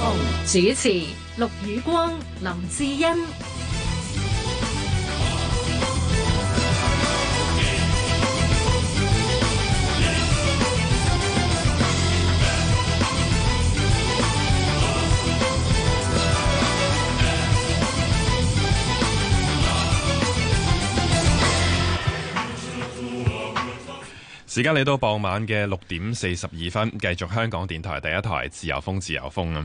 Oh，主持：陸宇光、林志恩。而家嚟到傍晚嘅六點四十二分，繼續香港電台第一台自由風，自由風啊！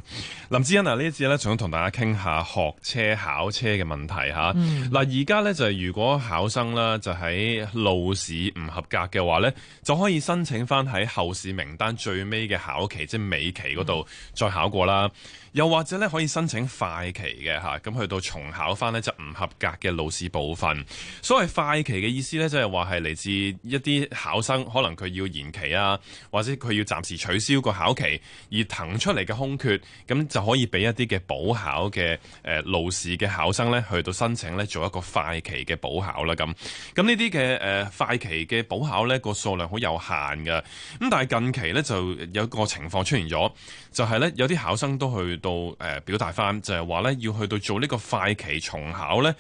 林志恩啊，呢一次呢想同大家傾下學車、考車嘅問題吓。嗱、嗯，而家呢就係如果考生啦，就喺路試唔合格嘅話呢就可以申請翻喺後試名單最尾嘅考期，即係尾期嗰度再考過啦。又或者咧可以申請快期嘅吓，咁去到重考翻呢就唔合格嘅路試部分。所謂快期嘅意思呢，即係話係嚟自一啲考生可能佢要延期啊，或者佢要暫時取消個考期，而騰出嚟嘅空缺，咁就可以俾一啲嘅補考嘅誒路試嘅考生呢，去到申請呢，做一個快期嘅補考啦。咁咁呢啲嘅快期嘅補考呢，個數量好有限㗎。咁但係近期呢，就有個情況出現咗，就係呢，有啲考生都去到誒表達翻，就係話咧，要去到做呢個快期重考咧。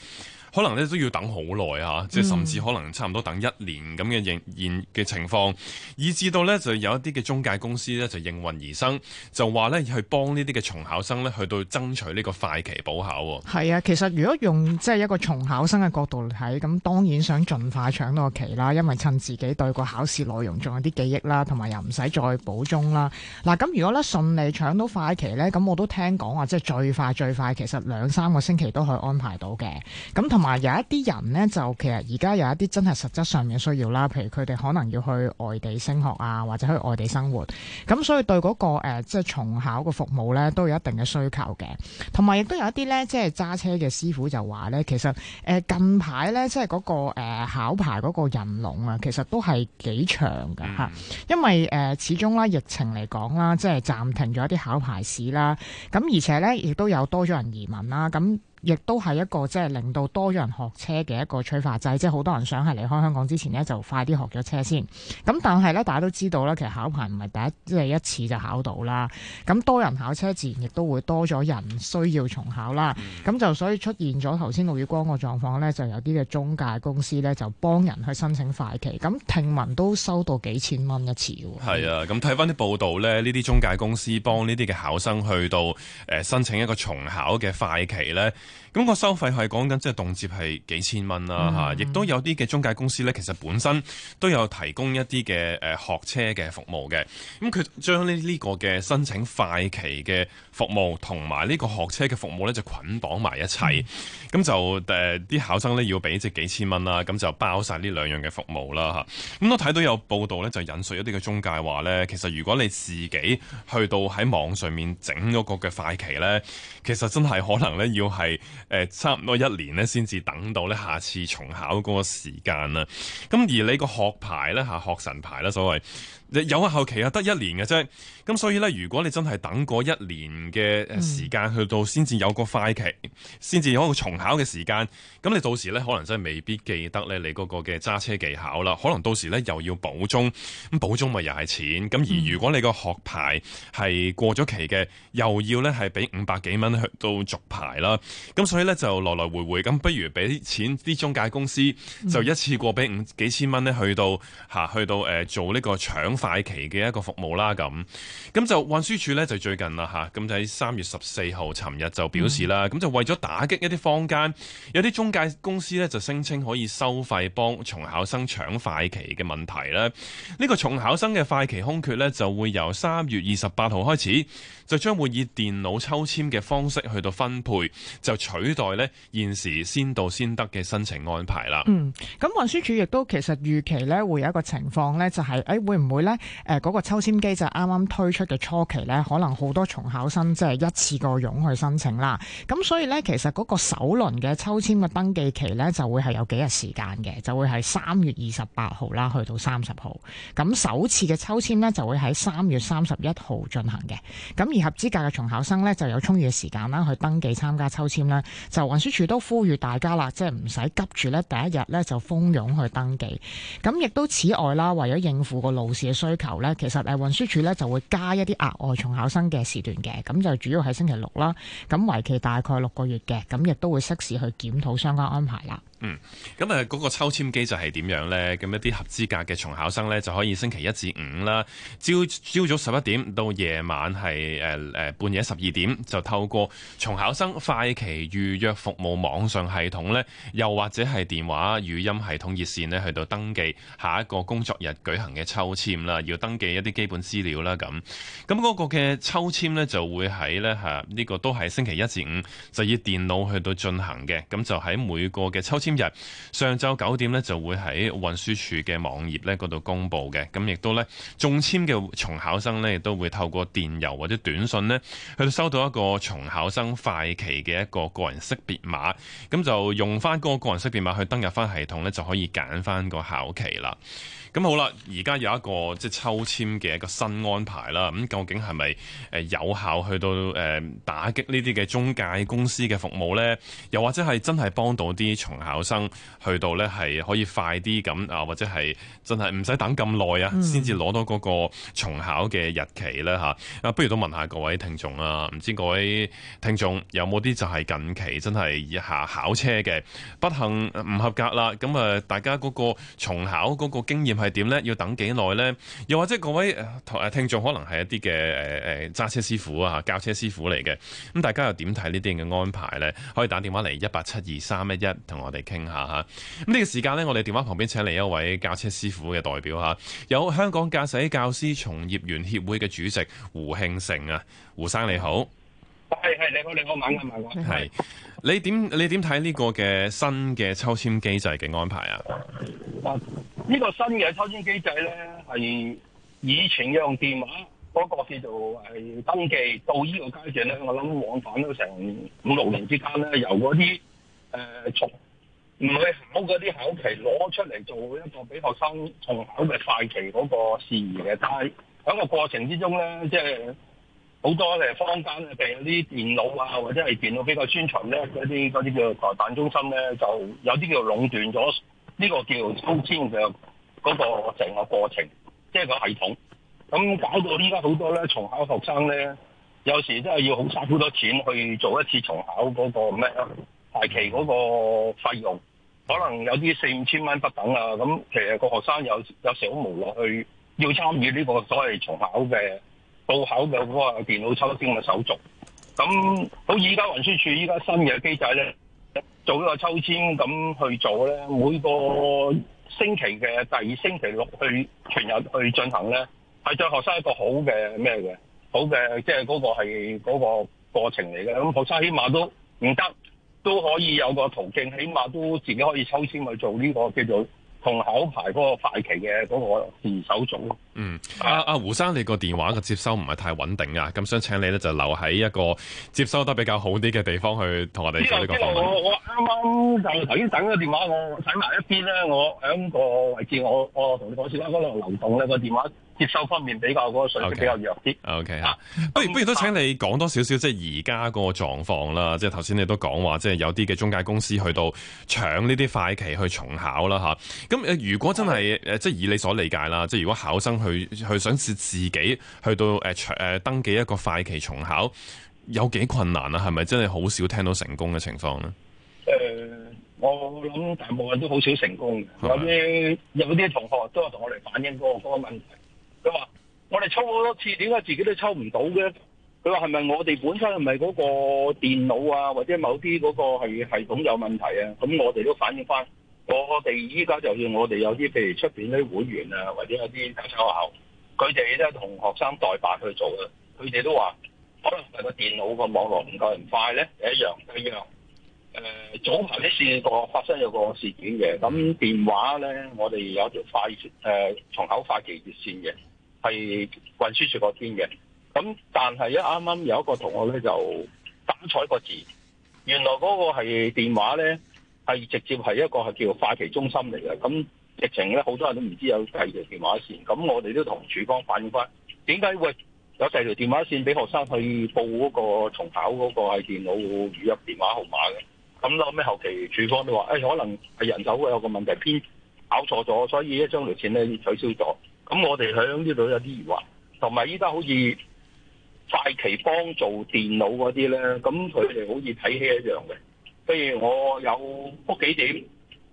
可能咧都要等好耐啊，即係甚至可能差唔多等一年咁嘅應現嘅情況，嗯、以至到咧就有一啲嘅中介公司咧就應運而生，就話咧去幫呢啲嘅重考生咧去到爭取呢個快期補考係係啊，其實如果用即係一個重考生嘅角度嚟睇，咁當然想盡快搶到個期啦，因為趁自己對個考試內容仲有啲記憶啦，同埋又唔使再補鐘啦。嗱，咁如果咧順利搶到快期咧，咁我都聽講話，即係最快最快，其實兩三個星期都可以安排到嘅。咁同。嗱，有一啲人咧就其實而家有一啲真係實質上嘅需要啦，譬如佢哋可能要去外地升學啊，或者去外地生活，咁所以對嗰、嗰個、呃、即係重考嘅服務咧都有一定嘅需求嘅。同埋亦都有一啲咧即係揸車嘅師傅就話咧，其實誒、呃、近排咧即係嗰、嗰個、呃、考牌嗰個人龍啊，其實都係幾長㗎吓，因為誒、呃、始終啦疫情嚟講啦，即係暫停咗一啲考牌事啦，咁而且咧亦都有多咗人移民啦，咁。亦都係一個即係令到多人學車嘅一個催化劑，即係好多人想係離開香港之前呢，就快啲學咗車先。咁但係呢，大家都知道啦，其實考牌唔係第一即係一次就考到啦。咁多人考車，自然亦都會多咗人需要重考啦。咁就所以出現咗頭先六月光嘅狀況呢，就有啲嘅中介公司呢，就幫人去申請快期。咁聽聞都收到幾千蚊一次喎。係啊，咁睇翻啲報道呢，呢啲中介公司幫呢啲嘅考生去到誒申請一個重考嘅快期呢。咁個收費係講緊即係動輒係幾千蚊啦嚇，亦都有啲嘅中介公司呢，其實本身都有提供一啲嘅學車嘅服務嘅。咁佢將呢呢個嘅申請快期嘅服務同埋呢個學車嘅服務呢，就捆綁埋一齊。咁、嗯、就啲、呃、考生呢，要俾即幾千蚊啦，咁就包曬呢兩樣嘅服務啦嚇。咁都睇到有報道呢，就引述一啲嘅中介話呢，其實如果你自己去到喺網上面整嗰個嘅快期呢，其實真係可能呢要係。誒，差唔多一年咧，先至等到咧下次重考嗰個時間啦，咁而你個學牌咧，吓學神牌啦，所謂。有啊，後期啊，得一年嘅啫。咁所以咧，如果你真係等過一年嘅時間去到，先至有個快期，先至有個重考嘅時間，咁你到時咧，可能真係未必記得咧，你嗰個嘅揸車技巧啦。可能到時咧又要補中，咁補中咪又係錢，咁而如果你個學牌係過咗期嘅，又要咧係俾五百幾蚊去到續牌啦。咁所以咧就來來回回，咁不如俾啲錢啲中介公司就一次過俾五幾千蚊咧，嗯，去到吓去到誒做呢個搶。快期嘅一個服務啦，咁咁就運輸署咧就最近啦吓，咁就喺三月十四號尋日就表示啦，咁、嗯、就為咗打擊一啲坊間，有啲中介公司咧，就聲稱可以收費幫重考生搶快期嘅問題咧，呢、這個重考生嘅快期空缺咧就會由三月二十八號開始，就將會以電腦抽籤嘅方式去到分配，就取代咧現時先到先得嘅申請安排啦。嗯，咁運輸署亦都其實預期咧會有一個情況咧、就是，就係誒會唔會咧？誒，嗰、呃那個抽籤機就啱啱推出嘅初期咧，可能好多重考生即係一次過湧去申請啦。咁所以咧，其實嗰個首輪嘅抽籤嘅登記期咧，就會係有幾日時間嘅，就會係三月二十八號啦，去到三十號。咁首次嘅抽籤咧，就會喺三月三十一號進行嘅。咁而合資格嘅重考生咧，就有充裕嘅時間啦去登記參加抽籤啦。就運輸署都呼籲大家啦，即係唔使急住咧，第一日咧就蜂擁去登記。咁亦都此外啦，為咗應付個路線。需求咧，其實誒運輸署咧就會加一啲額外重考生嘅時段嘅，咁就主要喺星期六啦，咁為期大概六個月嘅，咁亦都會適時去檢討相關安排啦。嗯，咁誒嗰個抽籤機就係點樣咧？咁一啲合資格嘅重考生咧，就可以星期一至五啦，朝朝早十一點到夜晚係誒誒半夜十二點，就透過重考生快期預約服務網上系統咧，又或者係電話語音系統熱線咧，去到登記下一個工作日舉行嘅抽籤啦，要登記一啲基本資料啦，咁咁嗰個嘅抽籤咧就會喺咧吓呢個都係星期一至五，就以電腦去到進行嘅，咁就喺每個嘅抽籤。今日上晝九點呢，就會喺運輸署嘅網頁呢嗰度公布嘅，咁亦都呢，中籤嘅重考生呢，亦都會透過電郵或者短信呢，去到收到一個重考生快期嘅一個個人識別碼，咁就用翻嗰個個人識別碼去登入翻系統呢，就可以揀翻個考期啦。咁好啦，而家有一個即係抽籤嘅一個新安排啦，咁究竟係咪誒有效去到誒打擊呢啲嘅中介公司嘅服務呢？又或者係真係幫到啲重考生？生去到呢，係可以快啲咁啊，或者係真係唔使等咁耐啊，先至攞到嗰個重考嘅日期呢。吓、嗯。啊，不如都問下各位聽眾啊，唔知各位聽眾有冇啲就係近期真係以下考車嘅不幸唔合格啦。咁啊，大家嗰個重考嗰個經驗係點呢？要等幾耐呢？又或者各位誒誒聽眾可能係一啲嘅誒誒揸車師傅啊，教車師傅嚟嘅，咁大家又點睇呢啲嘅安排呢？可以打電話嚟一八七二三一一同我哋。傾下吓，咁呢、嗯這個時間咧，我哋電話旁邊請嚟，一位駕車師傅嘅代表吓，有香港駕駛教師從業員協會嘅主席胡慶盛。啊，胡生你好，係係你好你好，慢嘅慢嘅，係是是你點你點睇呢個嘅新嘅抽籤機制嘅安排啊？呢個新嘅抽籤機制咧，係以前用電話嗰個叫做係登記，到呢個階段咧，我諗往返都成五六年之間咧，由嗰啲誒從唔去考嗰啲考期攞出嚟做一個俾學生重考嘅快期嗰個事宜嘅，但係喺個過程之中咧，即係好多誒坊間譬如啲電腦啊，或者係電腦比較專長咧嗰啲嗰啲叫代辦中心咧，就有啲叫做壟斷咗呢個叫抽籤嘅嗰個成個過程，即係個系統。咁搞到依家好多咧重考學生咧，有時真係要好嘥好多錢去做一次重考嗰個咩排期嗰個費用。可能有啲四五千蚊不等啊，咁其實個學生有有少少無奈去要參與呢個所謂重考嘅報考嘅嗰個電腦抽簽嘅手續。咁好，而家運輸署依家新嘅機制咧，做一個抽籤咁去做咧，每個星期嘅第二星期六去全日去進行咧，係對學生一個好嘅咩嘅，好嘅即係嗰個係嗰個過程嚟嘅。咁學生起碼都唔得。都可以有個途徑，起碼都自己可以抽籤去做呢，這個叫做同考牌嗰個快期嘅嗰個自手續。嗯，阿、啊、阿、啊、胡生，你個電話嘅接收唔係太穩定啊，咁想請你咧就留喺一個接收得比較好啲嘅地方去同我哋做呢個訪問。我我啱啱就頭先等個電話，我睇埋一邊咧，我喺個位置，我我同你講先啦，嗰、那、度、個、流動咧、那個電話。接收方面比較嗰、那個水平比較弱啲。o Okay . k Okay.、啊、不如、嗯、不如都請你講多少少，即係而家嗰個狀況啦。即係頭先你都講話，即、就、係、是、有啲嘅中介公司去到搶呢啲快期去重考啦咁、啊、如果真係即係以你所理解啦，即、就、係、是、如果考生去去想試自己去到、啊、登記一個快期重考，有幾困難啊？係咪真係好少聽到成功嘅情況呢？誒、呃，我諗大部分都好少成功的有啲有啲同學都係同我哋反映嗰嗰個問題佢話：我哋抽好多次，點解自己都抽唔到嘅？佢話係咪我哋本身係咪嗰個電腦啊，或者某啲嗰個系統有問題啊？咁我哋都反映翻，我哋依家就算我哋有啲譬如出邊啲會員啊，或者有啲體操學校，佢哋都係同學生代辦去做嘅，佢哋都話可能係個電腦個網絡唔夠人快咧，一樣一樣。誒，早排啲事個發生有個事件嘅，咁電話咧我哋有條快誒重、呃、口快捷線嘅。係運輸署嗰邊嘅，咁但係一啱啱有一個同學咧就打錯一個字，原來嗰個係電話咧係直接係一個係叫快期中心嚟嘅。咁疫情咧好多人都唔知有第二條電話線，咁我哋都同署方反映翻，點解會有第二條電話線俾學生去報嗰個重考嗰個係電腦輸入電話號碼嘅？咁後尾後期署方都話誒、哎，可能係人手會有個問題偏搞錯咗，所以一張條線咧取消咗。咁我哋響呢度有啲疑惑，同埋依家好似快期幫做電腦嗰啲咧，咁佢哋好似睇戲一樣嘅。譬如我有复幾點，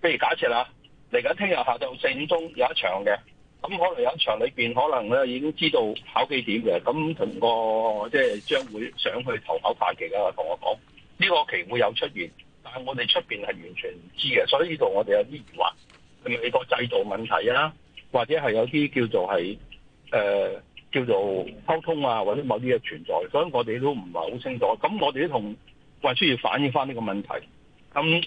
譬如假設啦，嚟緊聽日下晝四五鐘有一場嘅，咁可能有一場裏邊可能咧已經知道考幾點嘅，咁同個即係將會上去投考快期啦，同我講呢個期會有出現，但係我哋出邊係完全唔知嘅，所以呢度我哋有啲疑惑，係咪個制度問題啊？或者係有啲叫做係誒、呃、叫做溝通啊，或者某啲嘅存在，所以我哋都唔係好清楚。咁我哋都同運輸署反映翻呢個問題。咁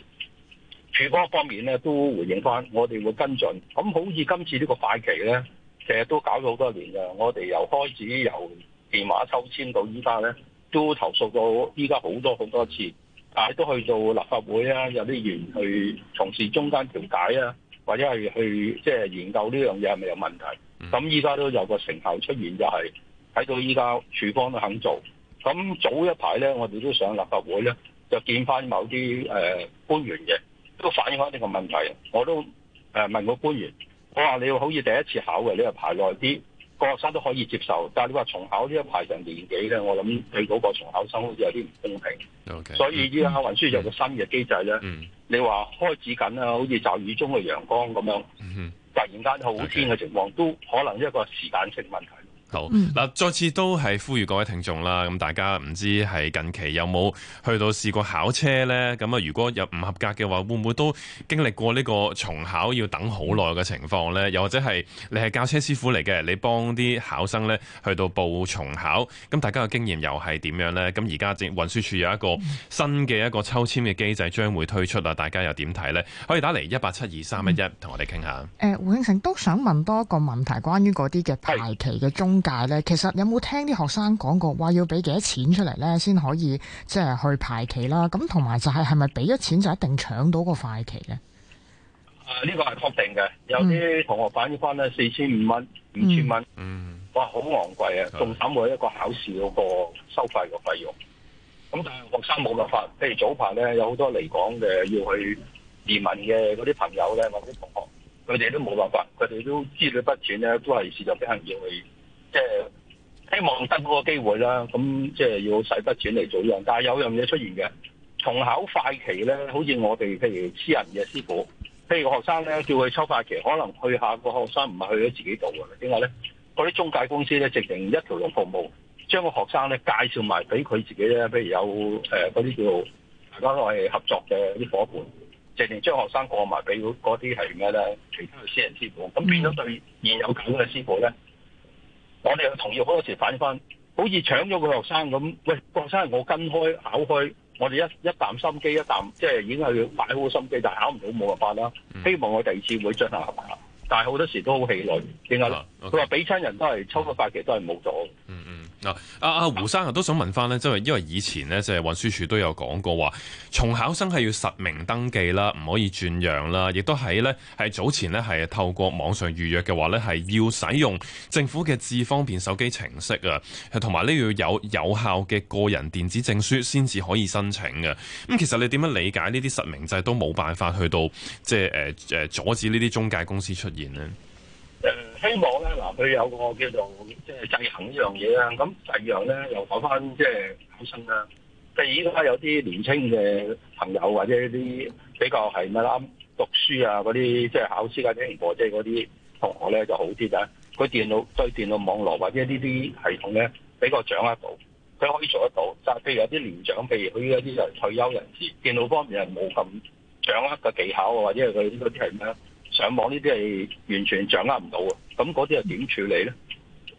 署方方面咧都回應翻，我哋會跟進。咁好似今次個呢個快期咧，其實都搞咗好多年嘅。我哋由開始由電話抽簽到依家咧，都投訴到依家好多好多次，但係都去到立法會啊，有啲員去從事中間調解啊。或者係去即係研究呢樣嘢係咪有問題？咁依家都有個成效出現，就係睇到依家署方都肯做。咁早一排咧，我哋都上立法會咧，就見翻某啲誒官員嘅都反映翻呢個問題。我都誒問個官員，我話你好似第一次考嘅，你又排耐啲。個學生都可以接受，但係你話重考呢一排上年紀咧，我諗你嗰個重考生好似有啲唔公平。Okay. 所以依家運輸有個新嘅機制咧，mm hmm. 你話開始緊啦，好似驟雨中嘅陽光咁樣，mm hmm. 突然間好天嘅情況，都可能一個時間性問題。Okay. 嗱，嗯、再次都係呼籲各位聽眾啦，咁大家唔知係近期有冇去到試過考車呢？咁啊，如果有唔合格嘅話，會唔會都經歷過呢個重考要等好耐嘅情況呢？又或者係你係教車師傅嚟嘅，你幫啲考生呢去到報重考，咁大家嘅經驗又係點樣呢？咁而家政運輸署有一個新嘅一個抽籤嘅機制將會推出啦，大家又點睇呢？可以打嚟一八七二三一一，同我哋傾下。誒、呃，胡慶盛都想問多一個問題，關於嗰啲嘅排期嘅中界咧，其實有冇聽啲學生講過話要俾幾多錢出嚟咧，先可以即係去排期啦？咁同埋就係係咪俾咗錢就一定搶到個快期咧？啊，呢個係確定嘅。有啲同學反映返咧，四千五蚊、五千蚊，嗯，哇，好昂貴啊，仲慘過一個考試嗰個收費嘅費用。咁但係學生冇辦法，譬如早排咧有好多嚟港嘅要去移民嘅嗰啲朋友咧，或者同學，佢哋都冇辦法，佢哋都知咗筆錢咧都係事在必行要去。即係希望得嗰個機會啦，咁即係要使得錢嚟做樣，但係有樣嘢出現嘅。重考快期咧，好似我哋譬如私人嘅師傅，譬如個學生咧叫佢抽快期，可能去下個學生唔係去咗自己度噶啦，點解咧？嗰啲中介公司咧，直情一條龍服務，將個學生咧介紹埋俾佢自己咧，譬如有誒嗰啲叫大家都係合作嘅啲伙伴，直情將學生過埋俾嗰嗰啲係咩咧？其他嘅私人師傅，咁變咗對現有咁嘅師傅咧。我哋同意好多時反映翻，好似搶咗個學生咁。喂，個學生我跟開考開，我哋一一啖心機一啖，即係已經係擺好心機，但係考唔到冇辦法啦。希望我第二次會進行合作，但係好多時都好氣餒。點解？佢話俾親人都係抽個百期都係冇咗。嗱，阿阿、啊啊、胡生都想問翻咧，因為因為以前咧，即、就、係、是、運輸署都有講過話，重考生係要實名登記啦，唔可以轉讓啦，亦都係咧，係早前咧係透過網上預約嘅話咧，係要使用政府嘅智方便手機程式啊，同埋呢要有有效嘅個人電子證書先至可以申請嘅。咁、嗯、其實你點樣理解呢啲實名制都冇辦法去到即係誒誒阻止呢啲中介公司出現呢？希望咧，嗱佢有個叫做即係制衡呢樣嘢啦。咁第二樣咧，又講翻即係考生啦。譬如依家，有啲年輕嘅朋友或者啲比較係乜啦，讀書啊嗰啲即係考試或者通過即係嗰啲同學咧就好啲嘅。佢電腦對電腦網絡或者呢啲系統咧比較掌握到，佢可以做得到。但係譬如有啲年長，譬如佢一啲人退休人士，電腦方面係冇咁掌握嘅技巧，或者佢嗰啲係乜上網呢啲係完全掌握唔到。咁嗰啲又點處理咧？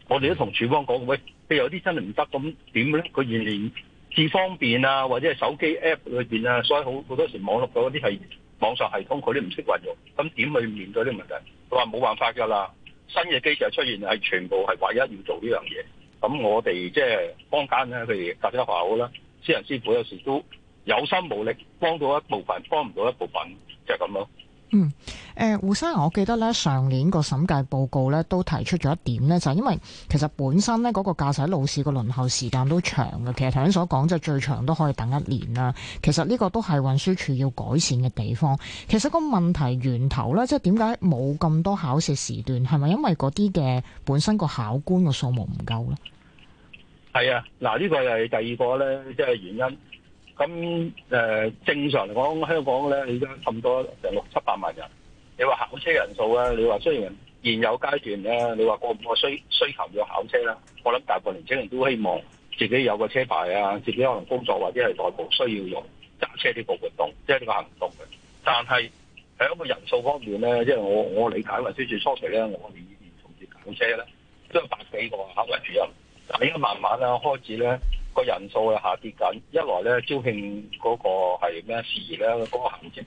我哋都同處方講過喂，譬如有啲真係唔得，咁點咧？佢連連至方便啊，或者係手機 app 裏面啊，所以好好多時網絡嗰啲係網上系統，佢都唔識運用，咁點去面對呢個問題？佢話冇辦法㗎啦，新嘅機器出現係全部係唯一要做呢樣嘢。咁我哋即係坊間咧、啊，譬如格仔花好啦，私人師傅有時都有心無力，幫到一部分，幫唔到一部分，就係咁咯。嗯，誒、呃，胡生，我記得咧上年個審計報告咧都提出咗一點咧，就係、是、因為其實本身咧嗰、那個駕駛路試個輪候時間都長嘅，其實頭先所講就最長都可以等一年啦、啊。其實呢個都係運輸署要改善嘅地方。其實個問題源頭咧，即係點解冇咁多考試時段？係咪因為嗰啲嘅本身個考官嘅數目唔夠呢？係啊，嗱，呢、這個又係第二個咧，即、就、係、是、原因。咁誒、呃、正常嚟講，香港咧，你而家差唔多成六七百萬人。你話考車人數咧，你話雖然現有階段咧，你話過唔過需需求要考車啦？我諗大部分年青人都希望自己有個車牌啊，自己可能工作或者係代步需要用揸車呢個活動，即係呢個行動嘅？但係是喺一個人數方面咧，即係我我理解為先住初期咧，我哋依邊從事考車咧，都有百幾個考為主任，但係應該慢慢啦開始咧。個人數又下跌緊，一來咧招聘嗰個係咩事咧，嗰個行業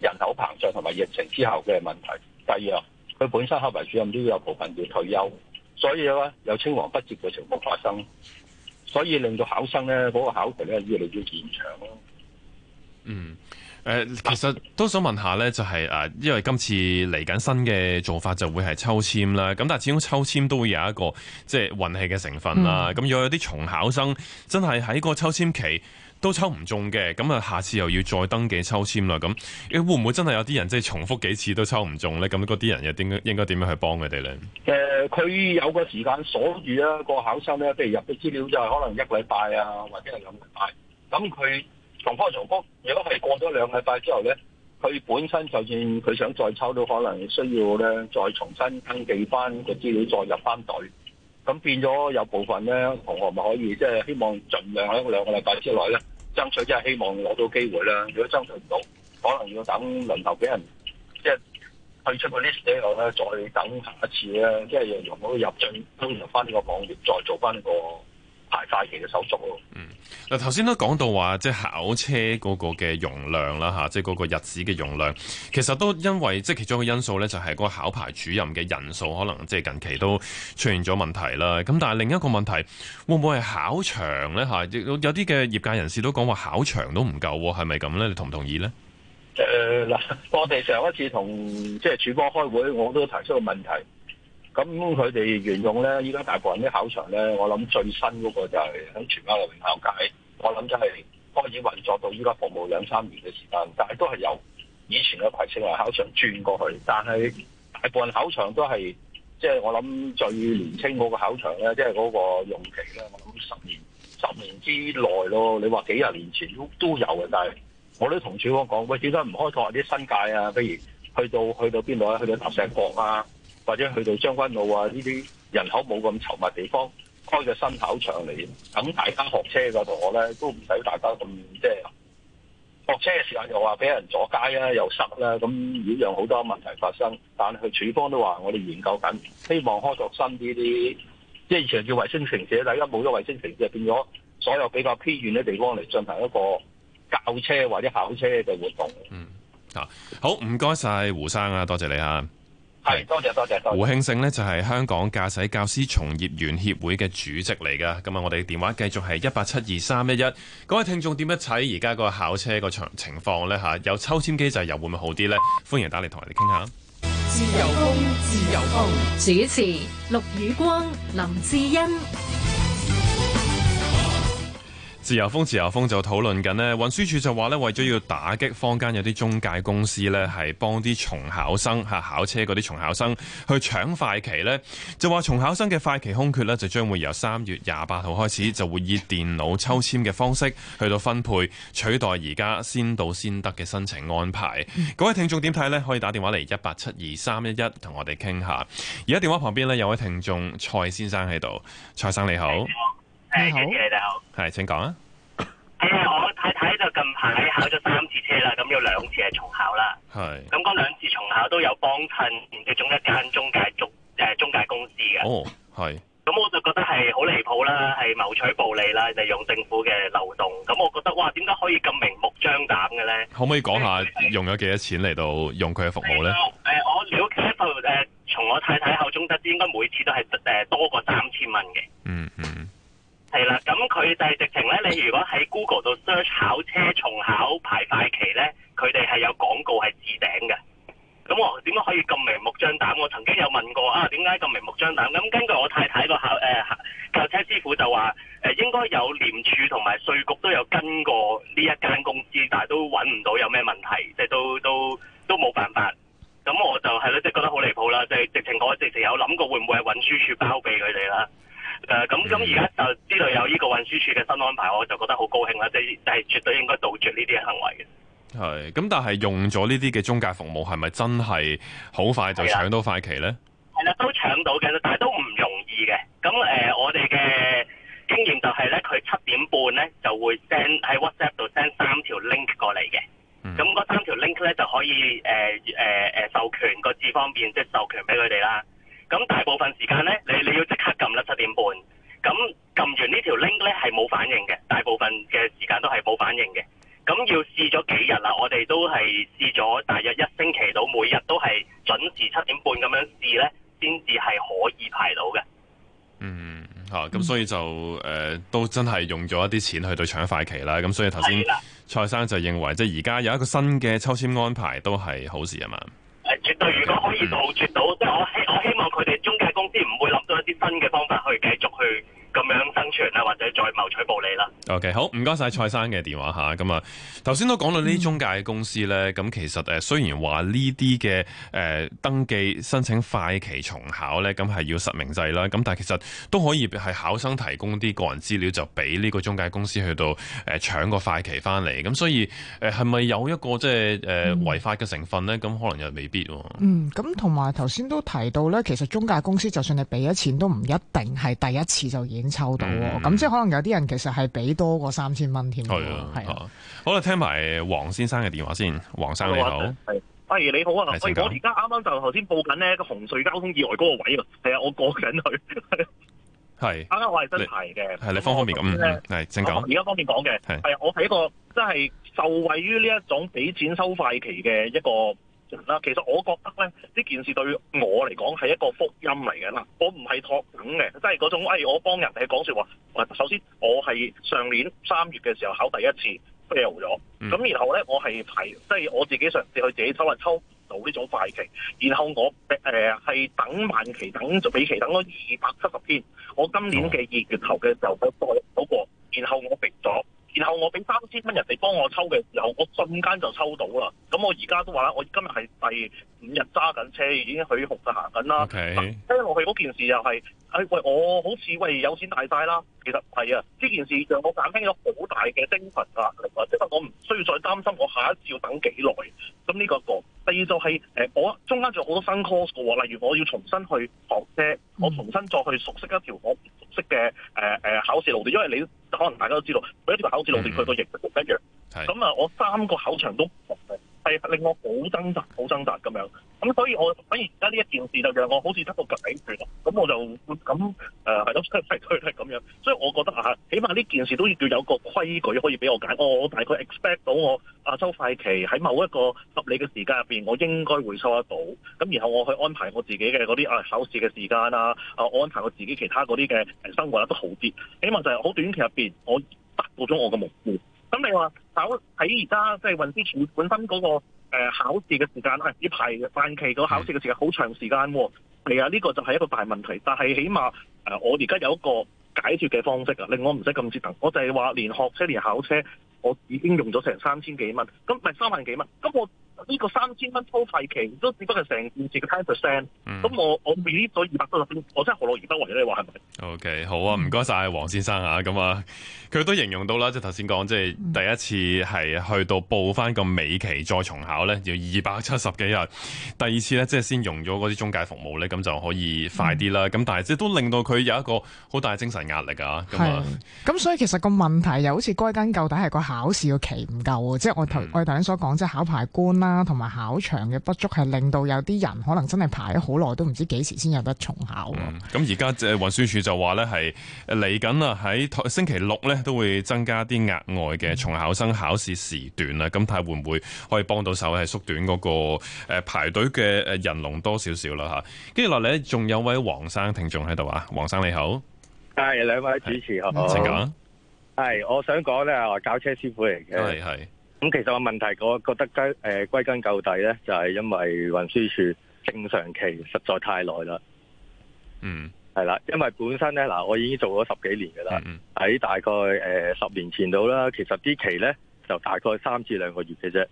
人口膨脹同埋疫情之後嘅問題，第二啊，佢本身考辦主任都有部分要退休，所以咧有青黃不接嘅情況發生，所以令到考生咧嗰個考期咧越嚟越延長咯。嗯。誒、呃，其實都想問下呢，就係、是、誒，因為今次嚟緊新嘅做法就會係抽籤啦。咁但係始終抽籤都會有一個即係運氣嘅成分啦。咁、嗯、如果有啲重考生真係喺個抽籤期都抽唔中嘅，咁啊下次又要再登記抽籤啦。咁會唔會真係有啲人即係重複幾次都抽唔中呢？咁嗰啲人又點應該點樣去幫佢哋呢？誒、呃，佢有個時間鎖住啊，個考生呢，譬如入嘅資料就係，可能一個禮拜啊，或者係兩個禮拜。咁佢重複重複，如果係過咗兩個禮拜之後咧，佢本身就算佢想再抽到，可能需要咧再重新登記翻個資料，再入翻隊，咁變咗有部分咧同學咪可以即係、就是、希望盡量喺兩個禮拜之內咧爭取，即、就、係、是、希望攞到機會啦。如果爭取唔到，可能要等輪候俾人即係退出個 list 之後咧，再等下一次咧，即係又容我入進登入翻呢個網頁，再做翻呢個。排快期嘅手續咯。嗯，嗱頭先都講到話，即係考車嗰個嘅容量啦，嚇，即係嗰個日子嘅容量，其實都因為即係其中一個因素咧，就係、是、嗰個考牌主任嘅人數可能即係近期都出現咗問題啦。咁但係另一個問題，會唔會係考場咧？嚇，有有啲嘅業界人士都講話考場都唔夠，係咪咁咧？你同唔同意咧？誒嗱、呃，我哋上一次同即係署方開會，我都提出個問題。咁佢哋沿用咧，依家大部分啲考場咧，我諗最新嗰個就係響全家嘅永考界，我諗就係開始運作到依家服務兩三年嘅時間，但係都係由以前嘅葵青圍考場轉過去。但係大部分考場都係即係我諗最年輕嗰個考場咧，即係嗰個用期咧，我諗十年十年之內咯。你話幾廿年前都都有嘅，但係我都同署方講，喂，點解唔開拓啲、啊、新界啊，不如去到去到邊度啊，去到搭石角啊。或者去到將軍澳啊，呢啲人口冇咁稠密地方，開個新考場嚟，等大家學車嘅同學咧都唔使大家咁即係學車嘅時候又話俾人阻街啊，又塞啦，咁要讓好多問題發生。但係佢處方都話我哋研究緊，希望開拓新呢啲，即係以前叫衛星城市，但而家冇咗衛星城市，就變咗所有比較偏遠嘅地方嚟，進行一個教車或者考車嘅活動。嗯，啊好，唔該晒胡生啊，多謝，謝你啊。係多謝多謝，多謝胡慶盛呢就係香港駕駛教師從業員協會嘅主席嚟噶，咁啊我哋電話繼續係一八七二三一一，各位聽眾點樣睇而家個考車個情情況呢吓？有抽籤機制又會唔會好啲呢？歡迎打嚟同我哋傾下。自由風，自由風，主持陸宇光、林志恩。自由風，自由風就討論緊呢。運輸署就話呢，為咗要打擊坊間有啲中介公司呢係幫啲重考生吓考車嗰啲重考生去搶快期呢，就話重考生嘅快期空缺呢，就將會由三月廿八號開始，就會以電腦抽籤嘅方式去到分配，取代而家先到先得嘅申請安排。各位聽眾點睇呢？可以打電話嚟一八七二三一一同我哋傾下。而家電話旁邊呢有位聽眾蔡先生喺度，蔡生你好。誒，謝謝你哋好。係，請講啊。係啊，我太太就近排考咗三次車啦，咁有兩次係重考啦。係。咁嗰兩次重考都有幫襯其中一間中介中誒中介公司嘅。哦，係。咁我就覺得係好離譜啦，係謀取暴利啦，利用政府嘅漏洞。咁我覺得，哇，點解可以咁明目張膽嘅咧？可唔可以講下用咗幾多錢嚟到用佢嘅服務咧？誒，我了解到誒，從我太太口中得知，應該每次都係誒多過三千蚊嘅。嗯嗯。係啦，咁佢就係直情咧。你如果喺 Google 度 search 考車重考排快期咧，佢哋係有廣告係置頂嘅。咁我點解可以咁明目張膽？我曾經有問過啊，點解咁明目張膽？咁根據我太太個教、誒，教、呃、車師傅就話誒、呃，應該有廉署同埋稅局都有跟過呢一間公司，但係都揾唔到有咩問題，即係都都都冇辦法。咁我就係咯，即係覺得好離譜啦。即、就、係、是、直情我直情有諗過會唔會係運輸署包庇佢哋啦？誒，咁咁而家就知道有呢個運輸署嘅新安排，我就覺得好高興啦！即係，即係絕對應該杜絕呢啲行為嘅。係，咁但係用咗呢啲嘅中介服務，係咪真係好快就搶到快期咧？係啦，都搶到嘅，但係都唔容易嘅。咁誒、呃，我哋嘅經驗就係、是、咧，佢七點半咧就會 send 喺 WhatsApp 度 send 三條 link 過嚟嘅。咁嗰、嗯、三條 link 咧就可以誒誒誒授權個字方面，即係授權俾佢哋啦。咁大部分時間咧，你。要即刻撳啦，七點半，咁撳完呢條 link 咧係冇反應嘅，大部分嘅時間都係冇反應嘅。咁要試咗幾日啦，我哋都係試咗大約一星期到，每日都係準時七點半咁樣試咧，先至係可以排到嘅。嗯，嚇、啊，咁所以就誒、嗯呃，都真係用咗一啲錢去到搶快期啦。咁所以頭先蔡生就認為，的即係而家有一個新嘅抽籤安排都係好事啊嘛。絕對，如果可以杜絕到，即係我希我希望佢哋中介公司唔會諗到一啲新嘅方法去繼續去，咁樣生存咧，或者再謀取暴利啦。OK，好，唔該晒蔡生嘅電話嚇。咁啊，頭先都講到呢中介公司呢。咁、嗯、其實誒雖然話呢啲嘅誒登記申請快期重考呢，咁係要實名制啦。咁但係其實都可以係考生提供啲個人資料，就俾呢個中介公司去到誒搶個快期翻嚟。咁所以誒係咪有一個即係誒違法嘅成分呢？咁、嗯、可能又未必喎。嗯，咁同埋頭先都提到呢，其實中介公司就算你俾咗錢，都唔一定係第一次就要。已經抽到，咁即係可能有啲人其實係俾多過三千蚊添。係啊，係啊。好啦，聽埋黃先生嘅電話先。黃生你好。喂，你好啊。我而家啱啱就頭先報緊呢個紅隧交通意外嗰個位啊。係啊，我過緊去。係啱啱我係真提嘅，係方方面咁，係正講。而家方面講嘅係，係我係一個即係受惠於呢一種俾錢收快期嘅一個。啦，其實我覺得咧，呢件事對我嚟講係一個福音嚟嘅嗱，我唔係托梗嘅，即係嗰種、哎、我幫人哋講説話。誒，首先我係上年三月嘅時候考第一次 fail 咗，咁、嗯、然後咧我係排，即、就、係、是、我自己嘗試去自己抽，啊，抽唔到呢種快期，然後我誒係、呃、等慢期，等美期等咗二百七十天，我今年嘅二月頭嘅時候再考過，然後我肥咗。然後我俾三千蚊人哋幫我抽嘅時候，我瞬間就抽到啦。咁我而家都話啦，我今日係第五日揸緊車，已經去紅磡行緊啦。Okay. 聽落去嗰件事又、就、係、係誒，喂我好似喂有錢大晒啦。其實係啊，呢件事就我減輕咗好大嘅精神壓力，即係我唔需要再擔心我下一次要等幾耐。咁呢、這個個第二就係、是、誒、呃，我中間仲有好多新 course 嘅，例如我要重新去學車，我重新再去熟悉一條我唔熟悉嘅誒誒考試路線，因為你。可能大家都知道，每一啲考試路線佢個形式唔一樣，咁啊、mm，hmm。我三個考場都唔同嘅。係令我好掙扎，好掙扎咁樣。咁所以我反而而家呢一件事就讓我好似得到解決咯。咁我就咁誒，係咯，係咁係咁咁樣。所以我覺得啊，起碼呢件事都要有個規矩可以俾我解。我大概 expect 到我啊，收快期喺某一個合理嘅時間入邊，我應該會收得到。咁然後我去安排我自己嘅嗰啲啊考試嘅時間啊，啊我安排我自己其他嗰啲嘅生活呀都好啲。起碼就係好短期入邊，我達到咗我嘅目標。咁、嗯、你話考喺而家即係運輸署本身嗰、那個誒、呃、考試嘅時間，誒要排限期個考試嘅時間好長時間、啊，係啊呢個就係一個大問題。但係起碼誒、呃、我而家有一個解決嘅方式啊，令我唔使咁折騰。我就係話，連學車連考車，我已經用咗成三千、嗯、幾蚊，咁咪三萬幾蚊。咁我呢個三千蚊收費期都只不過成件事嘅 ten percent，咁我我 release 咗二百多十蚊，我真係何樂而不為咧？你話係咪？是 O、okay, K，好啊，唔該晒王先生、嗯、啊，咁啊，佢都形容到啦，即係頭先講，即係第一次係去到報翻個尾期再重考咧，要二百七十幾日，第二次咧即係先用咗嗰啲中介服務咧，咁就可以快啲啦。咁、嗯啊、但係即係都令到佢有一個好大精神壓力啊。啊，咁所以其實個問題又好似歸根究底係個考試嘅期唔夠啊，即係我同我頭先所講，即係考牌官啦，同埋考場嘅不足係令到有啲人可能真係排咗好耐都唔知幾時先有得重考啊。咁而家即運輸署就。話咧係誒嚟緊啊，喺星期六咧都會增加啲額外嘅重考生考試時段啦，咁睇、嗯、會唔會可以幫到手，係縮短嗰個誒排隊嘅誒人龍多少少啦吓。跟住落嚟仲有位黃生聽眾喺度啊，黃生你好，係兩位主持是好，請講。係我想講咧啊，搞車師傅嚟嘅，係係。咁其實個問題，我覺得根誒歸根究底咧，就係因為運輸署正常期實在太耐啦。嗯。係啦，因為本身咧，嗱我已經做咗十幾年㗎喇。喺的大概誒、呃、十年前度啦，其實啲期咧就大概三至兩個月嘅啫。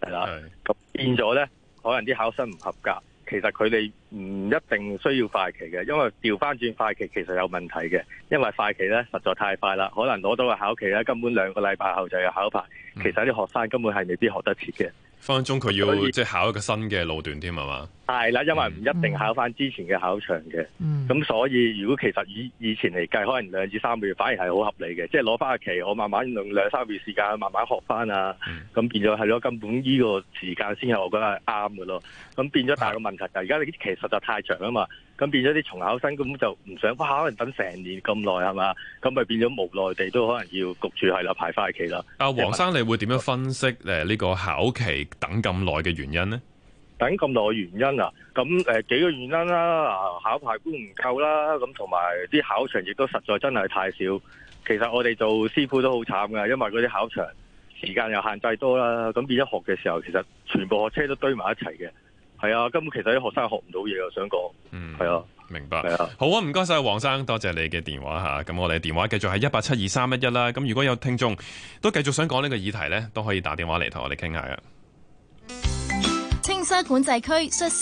係啦，咁的變咗咧，可能啲考生唔合格。其實佢哋唔一定需要快期嘅，因為調返轉快期其實有問題嘅。因為快期咧實在太快啦，可能攞到個考期咧，根本兩個禮拜後就要考牌。其實啲學生根本係未必學得切嘅。分分鐘佢要即係考一個新嘅路段添係嘛？係啦，因為唔一定考翻之前嘅考場嘅。咁、嗯、所以如果其實以以前嚟計，可能兩至三個月反而係好合理嘅，即係攞翻個期，我慢慢用兩三個月時間慢慢學翻啊。咁、嗯、變咗係咯，根本呢個時間先係我覺得啱嘅咯。咁變咗大個問題就係而家你啲期實在太長啊嘛。咁變咗啲重考生咁就唔想考，可能等一年成年咁耐係嘛？咁咪變咗無奈地都可能要焗住係啦，排快期啦。阿黃、啊、生，就是、你會點樣分析誒呢個考期等咁耐嘅原因呢？等咁耐嘅原因啊，咁誒、呃、幾個原因啦。啊，考牌官唔夠啦，咁同埋啲考場亦都實在真係太少。其實我哋做師傅都好慘噶，因為嗰啲考場時間又限制多啦。咁變咗學嘅時候，其實全部學車都堆埋一齊嘅。係啊，根本其實啲學生學唔到嘢。嗯、啊！想講，嗯，係啊，明白，係啊，好啊，唔該晒，黃生，多謝你嘅電話吓，咁我哋電話繼續係一八七二三一一啦。咁如果有聽眾都繼續想講呢個議題呢，都可以打電話嚟同我哋傾下啊。青沙管制區。